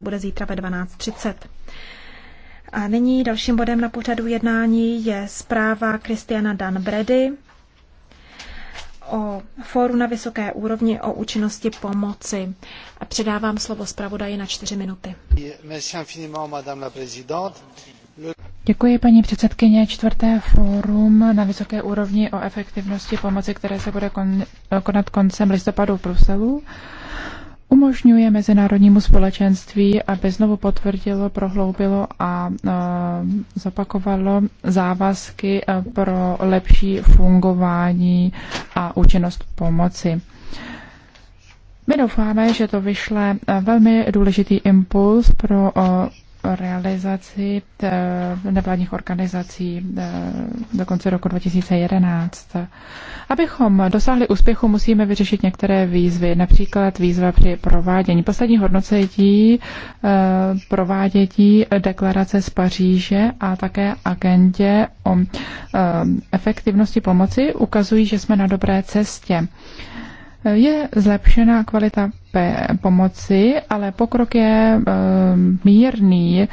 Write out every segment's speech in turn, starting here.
bude zítra ve 12.30. A nyní dalším bodem na pořadu jednání je zpráva Kristiana Bredy o fóru na vysoké úrovni o účinnosti pomoci. A předávám slovo zpravodaji na čtyři minuty. Děkuji, paní předsedkyně. Čtvrté fórum na vysoké úrovni o efektivnosti pomoci, které se bude konat koncem listopadu v Bruselu umožňuje mezinárodnímu společenství, aby znovu potvrdilo, prohloubilo a e, zapakovalo závazky e, pro lepší fungování a účinnost pomoci. My doufáme, že to vyšle e, velmi důležitý impuls pro realizaci eh, nevládních organizací eh, do konce roku 2011. Abychom dosáhli úspěchu, musíme vyřešit některé výzvy, například výzva při provádění. Poslední hodnocení eh, provádění deklarace z Paříže a také agendě o efektivnosti pomoci ukazují, že jsme na dobré cestě. Je zlepšená kvalita pomoci, ale pokrok je ehm, mírný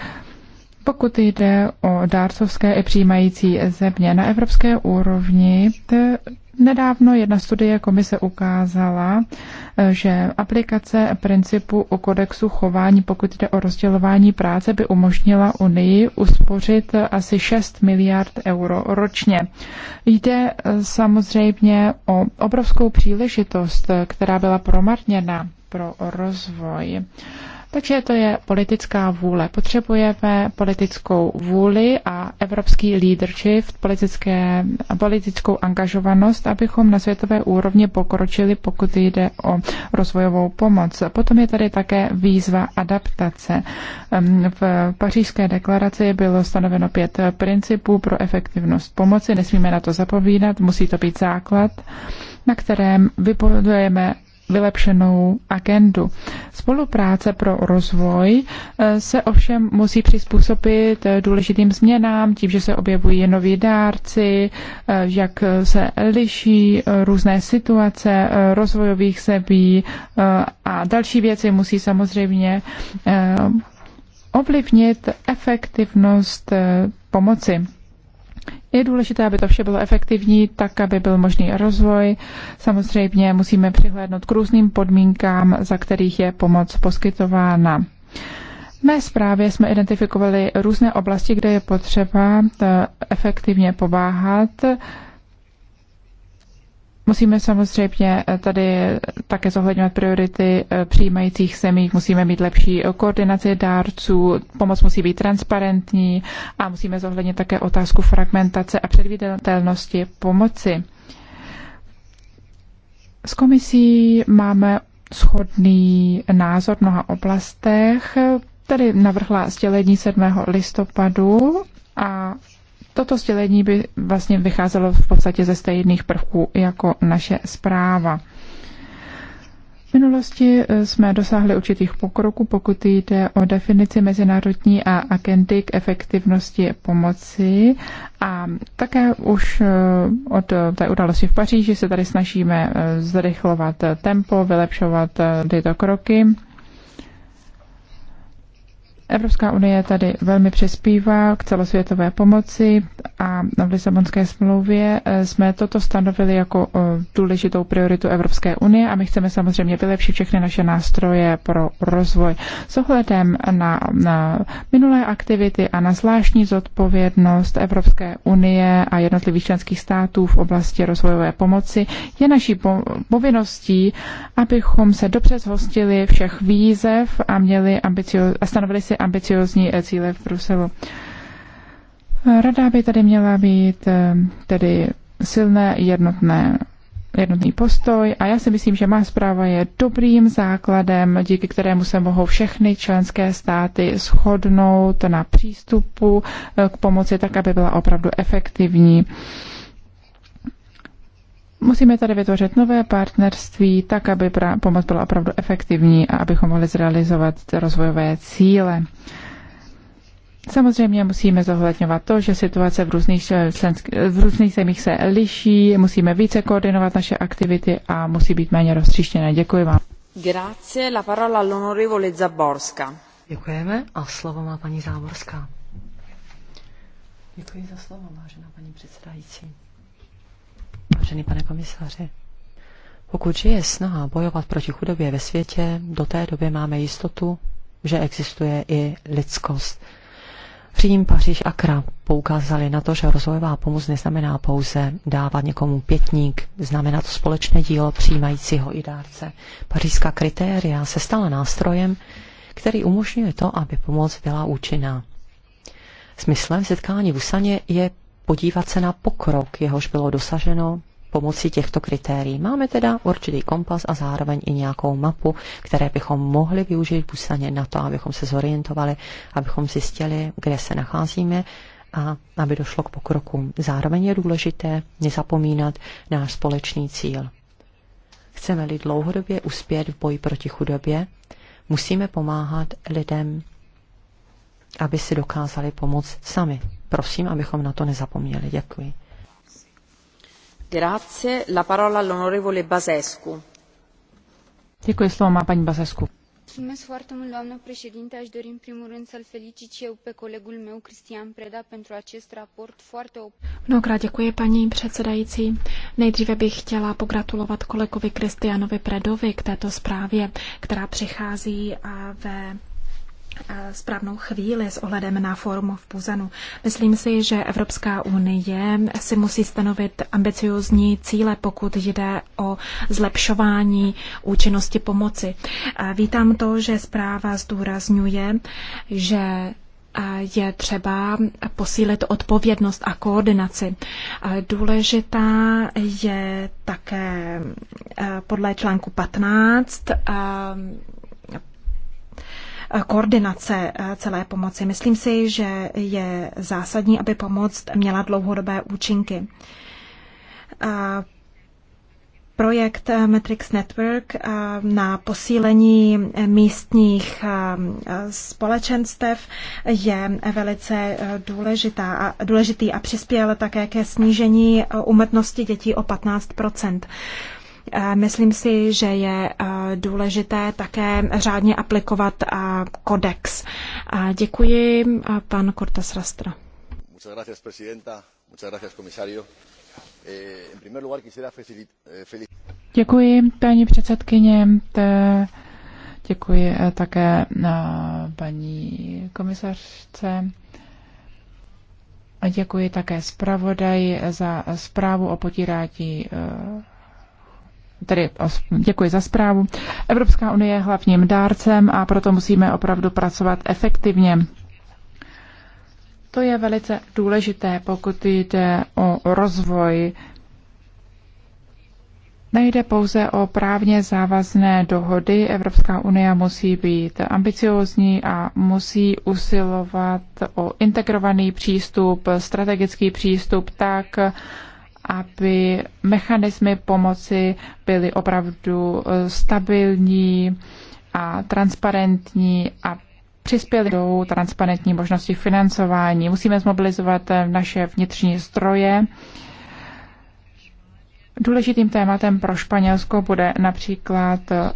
pokud jde o dárcovské i přijímající země na evropské úrovni, nedávno jedna studie komise ukázala, že aplikace principu o kodexu chování, pokud jde o rozdělování práce, by umožnila Unii uspořit asi 6 miliard euro ročně. Jde samozřejmě o obrovskou příležitost, která byla promarněna pro rozvoj. Uh, takže to je politická vůle. Potřebujeme politickou vůli a evropský leadership, politické, politickou angažovanost, abychom na světové úrovni pokročili, pokud jde o rozvojovou pomoc. Potom je tady také výzva adaptace. V pařížské deklaraci bylo stanoveno pět principů pro efektivnost pomoci. Nesmíme na to zapovídat, musí to být základ, na kterém vybudujeme vylepšenou agendu. Spolupráce pro rozvoj eh, se ovšem musí přizpůsobit eh, důležitým změnám, tím, že se objevují noví dárci, eh, jak se liší různé situace rozvojových sebí a další věci musí samozřejmě ovlivnit efektivnost pomoci. Je důležité, aby to vše bylo efektivní, tak, aby byl možný rozvoj. Samozřejmě musíme přihlédnout k různým podmínkám, za kterých je pomoc poskytována. V mé zprávě jsme identifikovali různé oblasti, kde je potřeba eh, efektivně pomáhat Musíme samozřejmě eh, tady také zohledňovat priority eh, přijímajících zemí, musíme mít lepší eh, koordinaci dárců, pomoc musí být transparentní a musíme zohlednit také otázku fragmentace a předvídatelnosti pomoci. S komisí máme shodný názor v mnoha oblastech. Tady navrhla sdělení 7. listopadu a Toto sdělení by vlastně vycházelo v podstatě ze stejných prvků jako naše zpráva. V minulosti eh, jsme dosáhli určitých pokroků, pokud jde o definici mezinárodní a agendy k efektivnosti pomoci. A také už eh, od té události v Paříži se tady snažíme eh, zrychlovat tempo, vylepšovat tyto kroky. Evropská unie tady velmi přispívá k celosvětové pomoci a v Lisabonské smlouvě eh, jsme toto stanovili jako eh, důležitou prioritu Evropské unie a my chceme samozřejmě vylepšit všechny naše nástroje pro rozvoj. S ohledem na, na minulé aktivity a na zvláštní zodpovědnost Evropské unie a jednotlivých členských států v oblasti rozvojové pomoci je naší povinností, abychom se dobře zhostili všech výzev a, měli ambicio- a stanovili si ambiciozní eh, cíle v Bruselu. Rada by tady měla být eh, tedy silné jednotné jednotný postoj a já si myslím, že má zpráva je dobrým základem, díky kterému se mohou všechny členské státy shodnout na přístupu eh, k pomoci tak, aby byla opravdu efektivní. Musíme tady vytvořit nové partnerství, tak aby pomoc byla opravdu efektivní a abychom mohli zrealizovat rozvojové cíle. Samozřejmě musíme zohledňovat to, že situace v různých, eh, v různých zemích se liší, musíme více koordinovat naše aktivity a musí být méně roztříštěné. Děkuji vám. Grazie, la parola all'onorevole Zaborska. Děkujeme a slovo má paní Záborská. Děkuji za slovo, vážená paní předsedající. Vážený pane komisaři, pokud je snaha bojovat proti chudobě ve světě, do té doby máme jistotu, že existuje i lidskost. Řím, Paříž, Akra poukázali na to, že rozvojová pomoc neznamená pouze dávat někomu pětník, znamená to společné dílo přijímajícího i dárce. Pařížská kritéria se stala nástrojem, který umožňuje to, aby pomoc byla účinná. Smyslem setkání v Usaně je podívat se na pokrok, jehož bylo dosaženo pomocí těchto kritérií. Máme teda určitý kompas a zároveň i nějakou mapu, které bychom mohli využít půstaně na to, abychom se zorientovali, abychom zjistili, kde se nacházíme a aby došlo k pokroku. Zároveň je důležité nezapomínat náš společný cíl. Chceme-li dlouhodobě uspět v boji proti chudobě, musíme pomáhat lidem, aby si dokázali pomoct sami. Prosím, abychom na to nezapomněli. Děkuji. Grazie. La parola all'onorevole Basescu. Děkuji, slovo má paní Basescu. Aș dori în primul rând să-l felicit eu pe colegul meu, Cristian Preda, pentru acest raport foarte... Mnohokrát děkuji paní předsedající. Nejdříve bych chtěla pogratulovat kolegovi Kristianovi Predovi k této zprávě, která přichází ve správnou chvíli s ohledem na forum v Puzanu. Myslím si, že Evropská unie si musí stanovit ambiciozní cíle, pokud jde o zlepšování účinnosti pomoci. Vítám to, že zpráva zdůrazňuje, že je třeba posílit odpovědnost a koordinaci. Důležitá je také podle článku 15 Eh, koordinace eh, celé pomoci. Myslím si, že je zásadní, aby pomoc měla dlouhodobé účinky. Eh, projekt Matrix Network na posílení místních společenstev je velice důležitá a, důležitý a přispěl také ke snížení umrtnosti dětí o 15 Myslím si, že je eh, důležité také řádně aplikovat eh, kodex. Děkuji, eh, pan Cortes Rastra. Děkuji, paní předsedkyně. Děkuji také paní komisařce. děkuji také zpravodaji za zprávu o potírání tedy eh, děkuji za zprávu. Evropská unie je hlavním dárcem a proto musíme opravdu pracovat efektivně. To je velice důležité, pokud jde o rozvoj. Nejde pouze o právně závazné dohody. Evropská unie musí být ambiciózní a musí usilovat o integrovaný přístup, strategický přístup tak, aby mechanismy pomoci byly opravdu eh, stabilní a transparentní a přispěli do transparentní možnosti financování. Musíme zmobilizovat eh, naše vnitřní stroje. Důležitým tématem pro Španělsko bude například eh,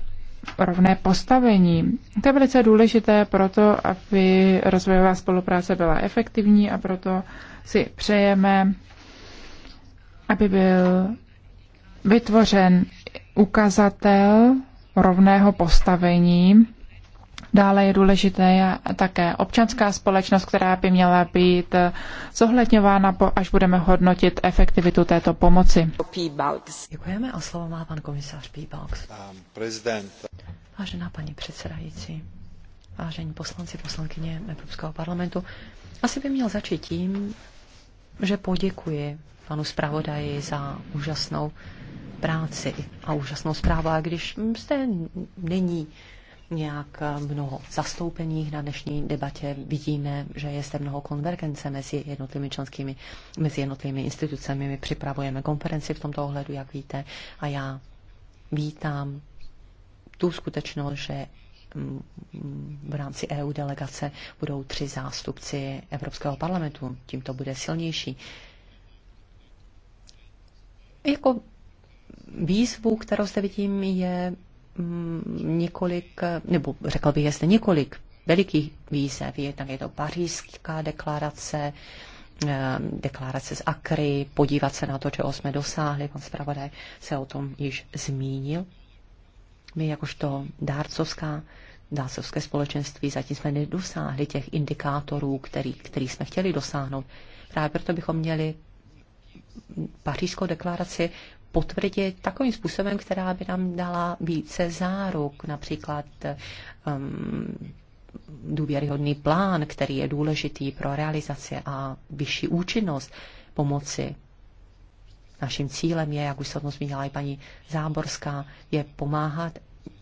rovné postavení. To je velice důležité proto, aby rozvojová spolupráce byla efektivní a proto si přejeme aby byl vytvořen ukazatel rovného postavení. Dále je důležité také občanská společnost, která by měla být zohledňována, až budeme hodnotit efektivitu této pomoci. Děkujeme a slovo má pan komisař Píbalks. Vážená paní předsedající, vážení poslanci, poslankyně Evropského parlamentu, asi by měl začít tím, že poděkuji panu zpravodaji za úžasnou práci a úžasnou zprávu. A když zde není nějak eh, mnoho zastoupených na dnešní debatě, vidíme, že je zde mnoho konvergence mezi jednotlivými členskými, mezi jednotlivými institucemi. My připravujeme konferenci v tomto ohledu, jak víte, a já vítám tu skutečnost, že v rámci EU delegace budou tři zástupci Evropského parlamentu. Tím to bude silnější. Jako výzvu, kterou zde vidím, je mm, několik, nebo řekl bych, jestli několik velikých výzev. tam je to pařížská deklarace, eh, deklarace z Akry, podívat se na to, čeho jsme dosáhli. Pan zpravodaj se o tom již zmínil. My jakožto dárcovská dásovské společenství. Zatím jsme nedosáhli těch indikátorů, který, který jsme chtěli dosáhnout. Právě proto bychom měli pařížskou deklaraci potvrdit takovým způsobem, která by nám dala více záruk, například um, důvěryhodný plán, který je důležitý pro realizaci a vyšší účinnost pomoci. Naším cílem je, jak už se o tom zmínila i paní Záborská, je pomáhat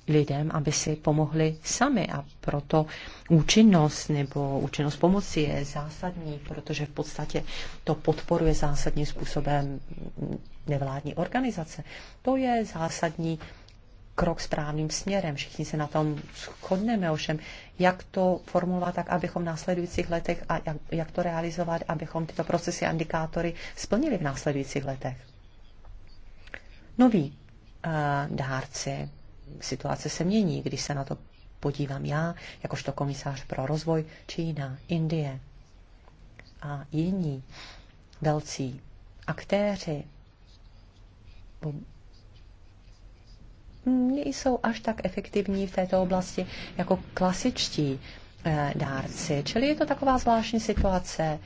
lidem, aby si pomohli sami a proto účinnost nebo účinnost pomoci je zásadní, protože v podstatě to podporuje zásadním způsobem nevládní organizace. To je zásadní krok správným směrem. Všichni se na tom shodneme, ovšem, jak to formulovat tak, abychom v následujících letech a jak, jak to realizovat, abychom tyto procesy a indikátory splnili v následujících letech. Noví uh, dárci, situace se mění, když se na to podívám já, jakožto komisář pro rozvoj Čína, Indie a jiní velcí aktéři nejsou až tak efektivní v této oblasti jako klasičtí eh, dárci. Čili je to taková zvláštní situace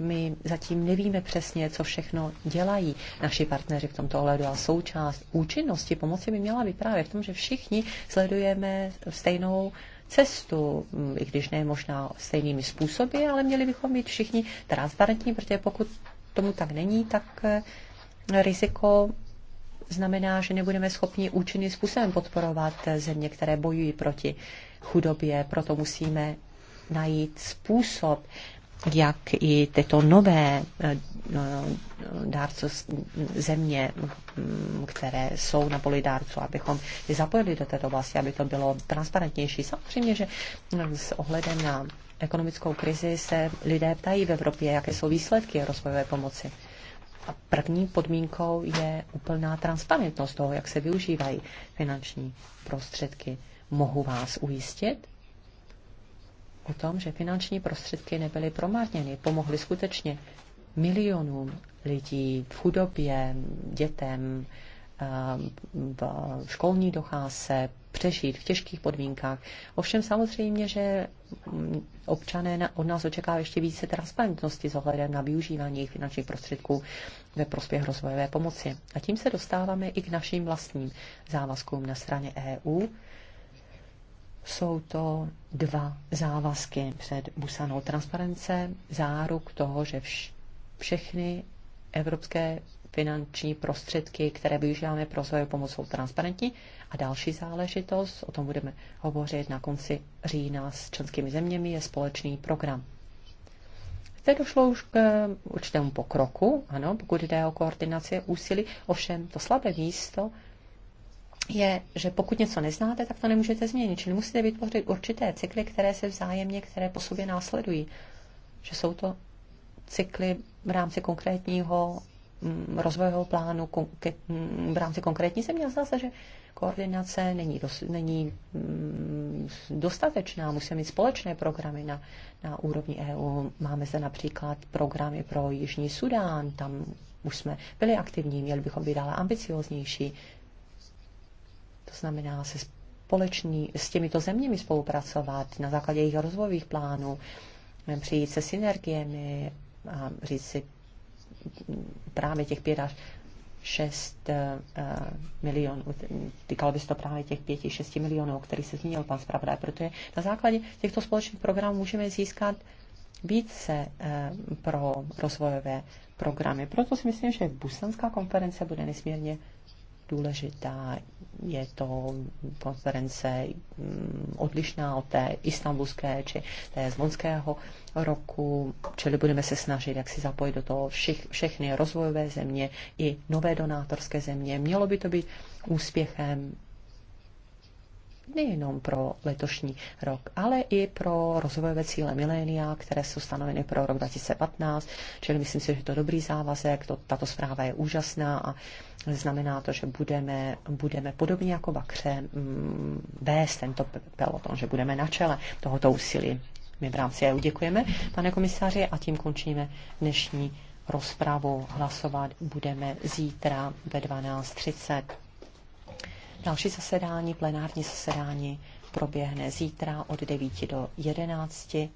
my zatím nevíme přesně, co všechno dělají naši partneři v tomto ohledu a součást účinnosti pomoci by měla být právě v tom, že všichni sledujeme stejnou cestu, i když ne možná stejnými způsoby, ale měli bychom být všichni transparentní, protože pokud tomu tak není, tak eh, riziko znamená, že nebudeme schopni účinným způsobem podporovat země, které bojují proti chudobě. Proto musíme najít způsob, jak i tyto nové eh, no, dárce země, mm, které jsou na poli dárců, abychom je zapojili do této oblasti, aby to bylo transparentnější. Samozřejmě, že mm, s ohledem na ekonomickou krizi se lidé ptají v Evropě, jaké jsou výsledky rozvojové pomoci. A první podmínkou je úplná transparentnost toho, jak se využívají finanční prostředky. Mohu vás ujistit, o tom, že finanční prostředky nebyly promarněny, pomohly skutečně milionům lidí v chudobě, dětem, eh, v školní docházce, přežít v těžkých podmínkách. Ovšem samozřejmě, že občané od nás očeká ještě více transparentnosti s ohledem na využívání jejich finančních prostředků ve prospěch rozvojové pomoci. A tím se dostáváme i k našim vlastním závazkům na straně EU jsou to dva závazky před Busanou transparence, záruk toho, že vš- všechny evropské finanční prostředky, které využíváme pro svou pomoc, jsou transparentní. A další záležitost, o tom budeme hovořit na konci října s členskými zeměmi, je společný program. Zde došlo už k určitému pokroku, ano, pokud jde o koordinaci úsilí, ovšem to slabé místo je, že pokud něco neznáte, tak to nemůžete změnit. Čili musíte vytvořit určité cykly, které se vzájemně, které po sobě následují. Že jsou to cykly v rámci konkrétního mm, rozvojového plánu mm, v rámci konkrétní země. Zdá se, že koordinace není, dos, není mm, dostatečná. Musíme mít společné programy na, na úrovni EU. Máme zde například programy pro Jižní Sudán, tam už jsme byli aktivní, měli bychom být dále ambicioznější. To znamená se společný, s těmito zeměmi spolupracovat na základě jejich rozvojových plánů, přijít se synergiemi a říct si právě těch pět až 6 eh, milionů, týkalo by se to právě těch 5-6 milionů, o kterých se zmínil pan zpravodaj, protože na základě těchto společných programů můžeme získat více eh, pro rozvojové programy. Proto si myslím, že Busanská konference bude nesmírně důležitá. Je to konference mm, odlišná od té istambulské či té z Monského roku, čili budeme se snažit, jak si zapojit do toho všich, všechny rozvojové země i nové donátorské země. Mělo by to být úspěchem nejenom pro letošní rok, ale i pro rozvojové cíle milénia, které jsou stanoveny pro rok 2015. Čili myslím si, že to je dobrý závazek, to, tato zpráva je úžasná a znamená to, že budeme, budeme podobně jako Bakře mm, vést tento peloton, že budeme na čele tohoto úsilí. My v rámci EU děkujeme, pane komisáři, a tím končíme dnešní rozpravu. Hlasovat budeme zítra ve 12.30. Další zasedání, plenární zasedání proběhne zítra od 9 do 11.